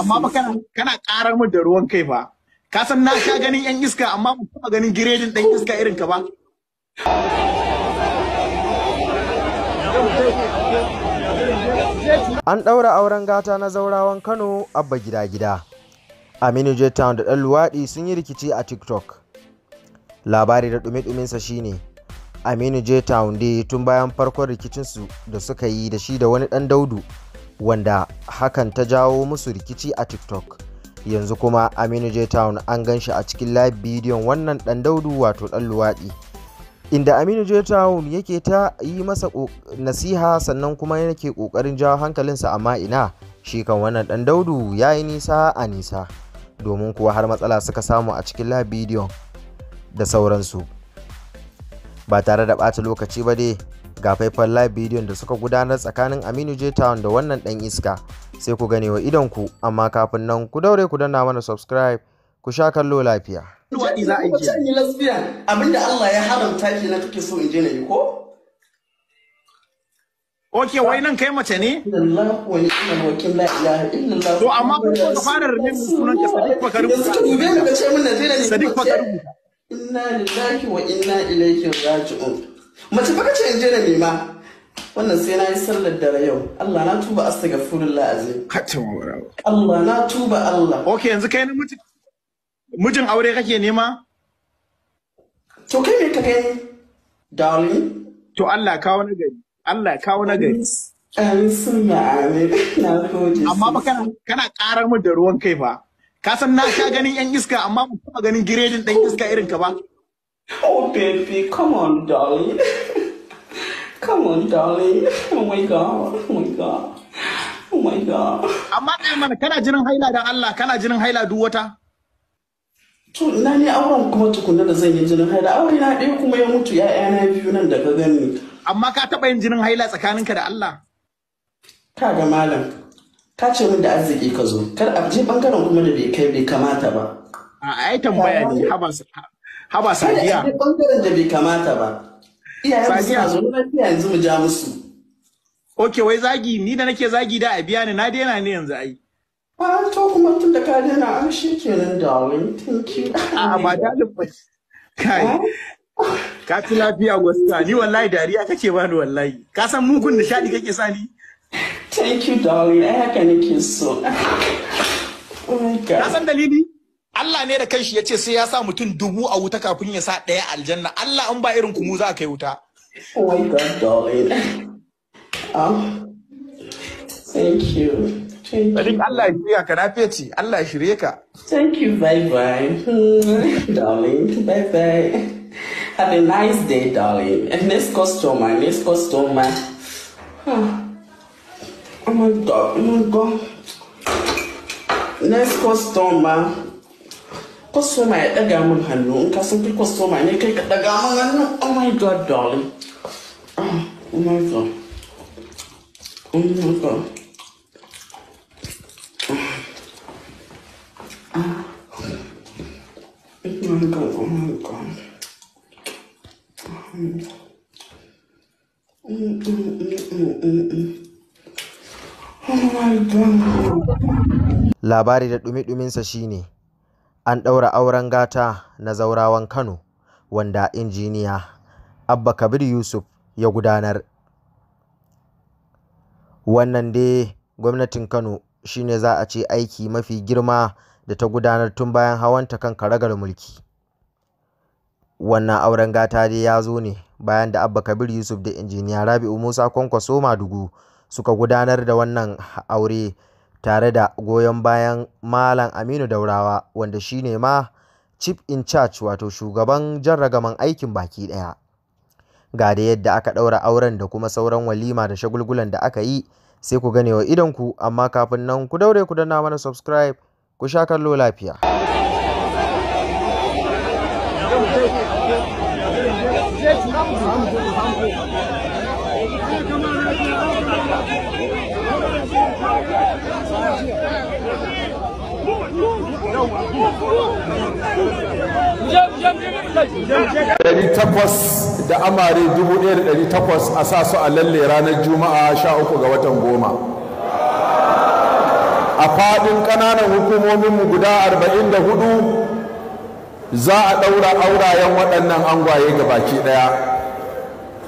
amma ba kana kana karar mu da ruwan kai ba? ka san na sha ganin yan iska amma mu taba ganin giredin dan iska irin ka ba An ɗaura auren gata na zaurawan Kano abba gida-gida. Aminu J Town da ɗan luwaɗi sun yi rikici a TikTok. Labari da ɗumi-ɗuminsa shine Aminu J Town dai tun bayan farkon rikicinsu da suka yi da shi da wani ɗan daudu wanda hakan ta jawo musu rikici a tiktok yanzu kuma aminu j town an gan shi a cikin live bidiyon wannan dan daudu wato dan luwaɗi inda aminu j town yake ta yi masa nasiha sannan kuma yake kokarin jawo hankalinsa amma ina shi kan wannan dan daudu ya yi nisa a nisa domin kuwa har matsala suka samu a cikin live bidiyon da sauransu ba tare da ɓata lokaci ba dai ga faifan live bidiyon da suka gudanar tsakanin aminu j town da wannan dan iska sai ku gane wa idon ku amma kafin nan ku daure ku danna mana subscribe ku sha kallo lafiya luwaɗi za a yi jiya abinda Allah ya haramta ki na kake so in je na yi ko Oke, wai nan kai mace ne? To amma ku so ka fara rubuta sunan ka Sadiq Bakaru. Sadiq Fakaru. Inna lillahi wa inna ilaihi raji'un. mace baka ce in je da nema wannan sai na yi sallar dare yau Allah na tuba astaghfirullah azim hatta Allah na tuba Allah okay yanzu kai namiji mijin aure kake nema to kai me ka kai darling to Allah kawo na gari Allah kawo na gari amin sunna na gode amma ba kana kana karar mu da ruwan kai ba. ka san na sha ganin yan iska amma ba ganin giredin dan iska irin ka ba Oh, baby, come on, darling. come on, darling. Oh my God, oh my God. Oh my God. Amma dai mana kana jinin haila dan Allah, kana jinin haila duk wata? To ina ne auren kuma tukunna da zan yi jinin haila. Aure na ɗaya kuma ya mutu ƴaƴana biyu nan daga gani. Amma ka taɓa yin jinin haila tsakaninka da Allah? Ka ga malam. ta ce min da arziki ka zo. Kar a je bangaren kuma da bai kai bai kamata ba. A ai tambaya ne, haba haba sadiya bangaren da bai kamata ba yanzu mu ja musu ok wai zagi ni da nake zagi da a biya ni na daina ne yanzu ai an to kuma tun da ka daina an shi kenan darling thank you a ba da lufa kai ka fi lafiya gwasta ni wallahi dariya kake bani wallahi ka san mugun nishadi kake sani thank you darling ai haka nake so oh ka san dalili Allah ne da kanshi ya ce sai ya sa mutum dubu a wuta kafin ya sa ɗaya aljanna Allah an ba irin kumu za a kai wuta oh my god darling um, thank you Thank Allah ya shirya ka lafiya ce, Allah ya shirye ka. Thank you, bye bye. darling, bye bye. Have a nice day, darling. And next customer, next customer. Huh. Ah. Oh my god, oh my god. Next customer. kwastoma ya daga min hannu in ka sun fi kwastoma ne kai ka daga min hannu oh my god darling ah, oh my god oh my god ah. Oh my god, oh my god. Ah. Mm, mm, mm, oh my god. Labari da ɗumi-ɗuminsa sashini. an ɗaura auren gata na Zaurawan Kano, wanda Injiniya Abba Kabir Yusuf ya gudanar. Wannan dai gwamnatin Kano shi ne za a ce aiki mafi girma da ta gudanar tun bayan hawan ta kan karagar mulki. Wannan auren gata dai ya zo ne bayan da Abba Kabir Yusuf da Injiniya Rabi'u Musa Kwankwaso Madugu suka gudanar da wannan aure. tare da goyon bayan Malam Aminu Daurawa wanda shi ne ma Chief in Charge wato shugaban jan aikin baki ɗaya. Ga da yadda aka ɗaura auren da kuma sauran walima da shagulgulan da aka yi sai ku gane wa idonku amma kafin nan ku daure ku danna mana subscribe ku sha kallo lafiya. ɗari takwas da amare dubu ɗaya da ɗari takwas a sa su a lalle ranar juma'a sha uku ga watan goma a faɗin ƙananan hukumominmu guda arba'in da hudu za a ɗaura aurayen waɗannan angwaye ga baki ɗaya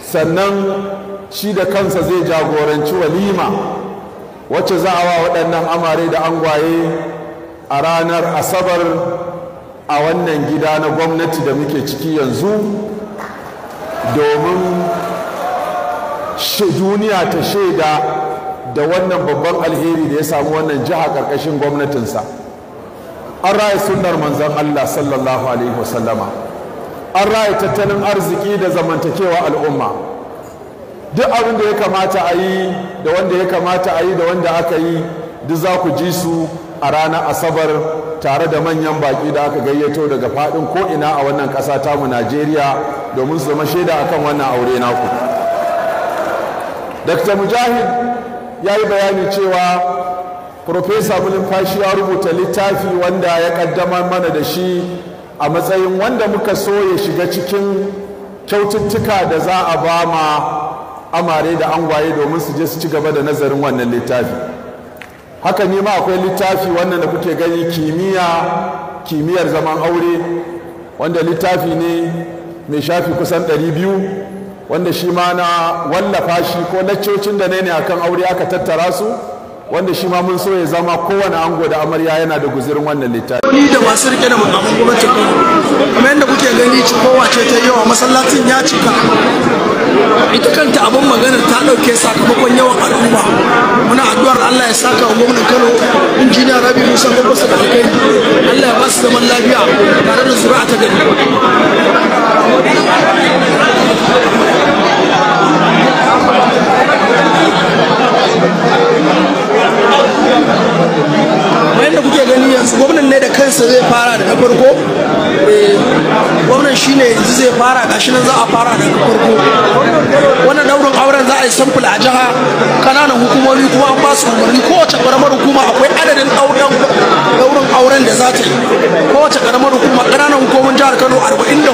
sannan shi da kansa zai jagoranci walima wacce za a wa waɗannan amare da angwaye a ranar asabar a wannan gida na gwamnati da muke ciki yanzu domin duniya ta shaida da wannan babban alheri da ya samu wannan jiha ƙarƙashin gwamnatinsa an raya sunnar manzon Allah sallallahu alaihi wasallama an raya tattalin arziki da zamantakewa al'umma duk abin da ya kamata a yi da wanda ya kamata a yi da wanda aka yi duk za ku ji su a ranar asabar tare da manyan baƙi da aka gayyato daga faɗin ko'ina a wannan ƙasa tamu najeriya domin su zama shaida akan wannan aure naku dr mujahid ya yi bayani cewa profesa mulfashi ya rubuta littafi wanda ya ƙaddamar mana da shi a matsayin wanda muka so ya shiga cikin kyaututtuka da za a ba ma amare da angwaye domin su je su ci gaba da nazarin wannan littafi haka ne ma akwai littafi wannan da kuke gani kimiyya kimiyyar zaman aure wanda littafi ne mai shafi kusan 200 wanda shi ma na wallafa shi ko laccocin da ne akan aure aka tattara su wanda shi ma mun so ya zama kowane ango da amarya yana da guzirin wannan littafi. Ni da masu rike da mukamin gwamnatin Kano, kamar yadda kuke gani ci kowace ta yawa masallacin ya cika. ita kanta abin magana ta ɗauke sakamakon yawan al'umma muna addu'ar Allah ya saka wa gwamnan Kano injiniya Rabi Musa Kwakwasa da alkai Allah ya ba su zaman lafiya tare da zuri'a ta gari bayan da kuke gani yanzu gwamnan ne da kansa zai fara da na farko eh, gwamnan shine yanzu zai fara gashi nan za a fara daga farko wannan daurin auren za a yi samfula a jiha kananan hukumomi kuma an ba su umarni kowace karamar hukuma akwai adadin daurin auren da za ta yi kowace karamar hukuma kananan hukumomin jihar kano arba'in da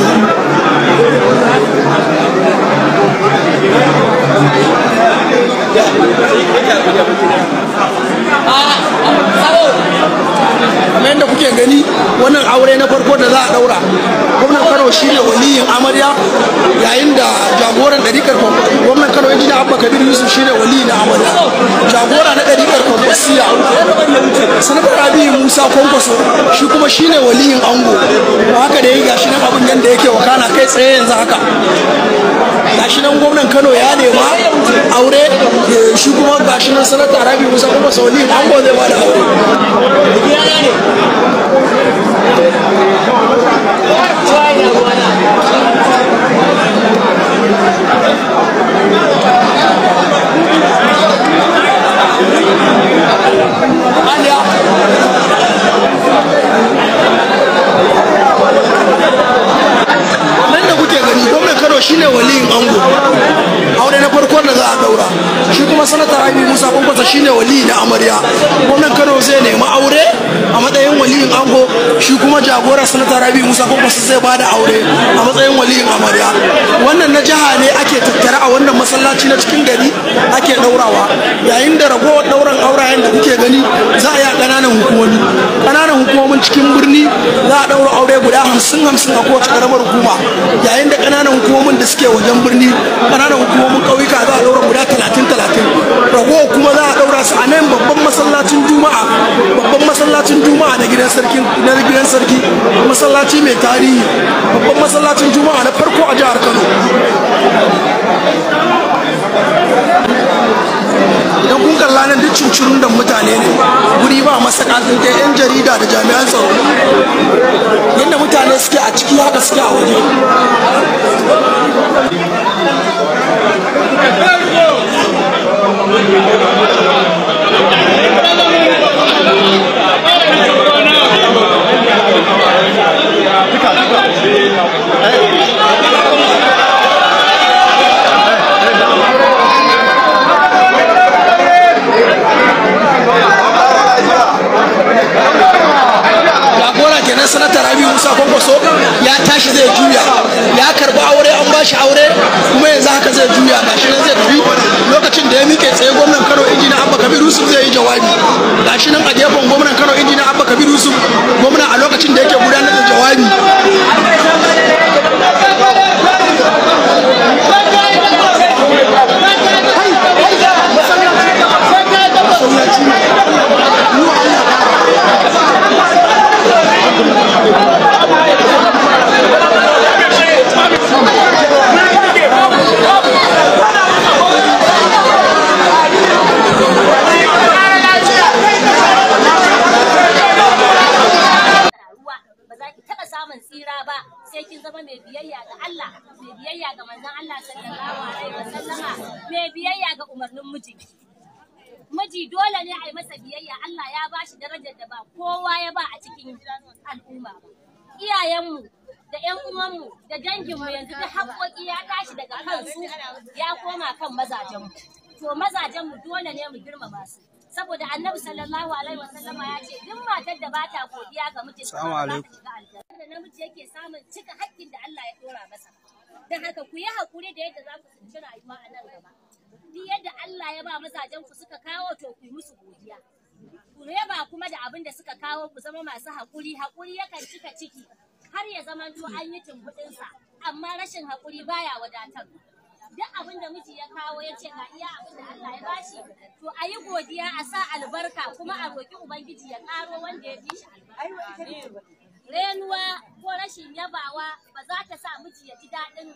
hadisi ya aure sanatar rabi musa kwankwaso shi kuma shine waliyin ango ba haka da ya gashi nan abin da yake wakana kai tsaye yanzu haka gashi nan gwamnan kano ya nema aure eh, shi kuma gashi nan sanatar rabi musa kwankwaso waliyin ango zai ba da aure Thank you. rabi musa su zai bada aure a matsayin waliyin amarya wannan na jiha ne ake tattara a wannan masallaci na cikin gari ake daurawa yayin da ragowar dauran aurayen da kuke gani za a yi a ƙananan hukumomi ƙananan hukumomin cikin birni za a daura aure guda hamsin hamsin a kowace karamar hukuma yayin da ƙananan hukumomin da suke wajen birni ƙananan hukumomin ƙauyuka za a daura guda talatin talatin ragowar kuma za a daura su a nan sarkin na gidan sarki masallaci mai tarihi babban masallacin juma'a na farko a jihar kano idan kun kalla nan duk cincirin da mutane ne guri ba masakatun kai yan jarida da jami'an tsaro yadda mutane suke a ciki haka suke a waje Sakon kwaso ya tashi zai juya ya karbi aure an bashi aure kuma yanzu haka zai juya gashi nan zai tafi lokacin da ya mike tsaye gwamnan kano injina abba Kabiru su zai yi jawabi gashi nan a gefen gwamnan kano injina abba Kabiru su gwamna a lokacin da yake gudanar da jawabi Thank you. ga Allah mai biyayya ga manzon Allah sallallahu alaihi wasallama mai biyayya ga umarnin mijinki miji dole ne a yi masa biyayya Allah ya ba shi darajar da ba kowa ya ba a cikin al'umma ba iyayenmu da ƴan uwanmu da danginmu yanzu da haƙoƙi ya tashi daga kansu ya koma kan mazajenmu to mazajenmu dole ne mu girmama su saboda annabi sallallahu alaihi wasallama ya ce duk matar da ba ta godiya ga mijinta ba ta da namiji yake samun cika haƙƙin da Allah ya ɗora masa. Don haka ku yi haƙuri da yadda za ku tsinci rayuwa a nan gaba. Duk yadda Allah ya ba mazajen ku suka kawo to ku yi musu godiya. Ku yaba kuma da abin da suka kawo ku zama masu haƙuri, haƙuri yakan cika ciki har ya zama to an yi tumbuɗinsa, amma rashin haƙuri baya wadatar. Duk abin da miji ya kawo ya ce ga iya abin da Allah ya bashi, to a yi godiya a sa albarka kuma a roƙi Ubangiji ya ƙaro wanda ya fi shi albarka. renuwa ko rashin yabawa ba za ta sa miji ya ji daɗin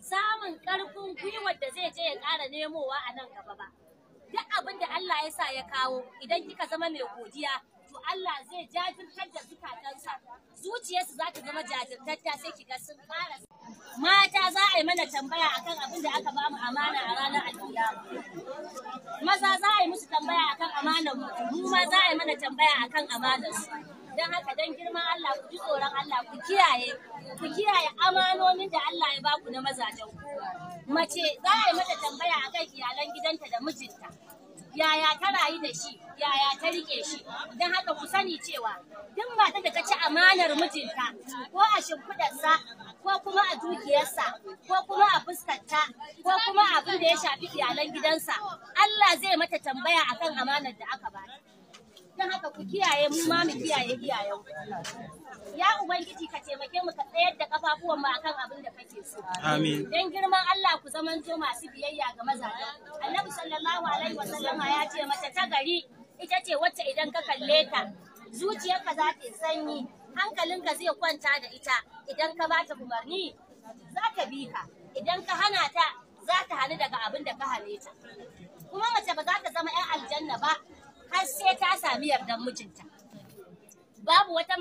samun ƙarfin gwiwar da zai je ya ƙara nemowa a nan gaba ba. Duk abin da Allah ya sa ya kawo idan kika zama mai godiya to Allah zai jajirtar da zukatansa zuciyarsu za ta zama jajirtatta sai ki ga sun fara mata za a yi mana tambaya akan abin da aka bamu amana a ranar alkiyama maza za a yi musu tambaya akan amanar mu mu ma za a yi mana tambaya akan amanar su don haka don girman Allah ku ji tsoron Allah ku kiyaye ku kiyaye amanonin da Allah ya baku na mazajen ku mace za a yi mata tambaya akan iyalan gidanta da mijinta yaya ta rayu da shi yaya ta rike shi don haka ku sani cewa duk matar da ta ci amanar mijinta ko a shimfidarsa ko kuma a dukiyarsa ko kuma a fuskarta ko kuma abin da ya shafi iyalan gidansa Allah zai mata tambaya akan amanar da aka bata don haka ku kiyaye mu ma mu kiyaye iyayen ya ubangiji ka taimake mu ka tsayar da kafafuwan mu akan abin da kake so amin dan girman Allah ku zamanto masu biyayya ga mazaje annabi sallallahu alaihi wasallama ya ce mace ta gari ita ce wacce idan ka kalle ta zuciyarka za ta sanyi hankalinka zai kwanta da ita idan ka bata umarni za ta bi ka idan ka hana ta za ta hannu daga abin da ka hane ta kuma mace ba za ta zama 'yan aljanna ba har sai ta sami yardan mijinta. Babu wata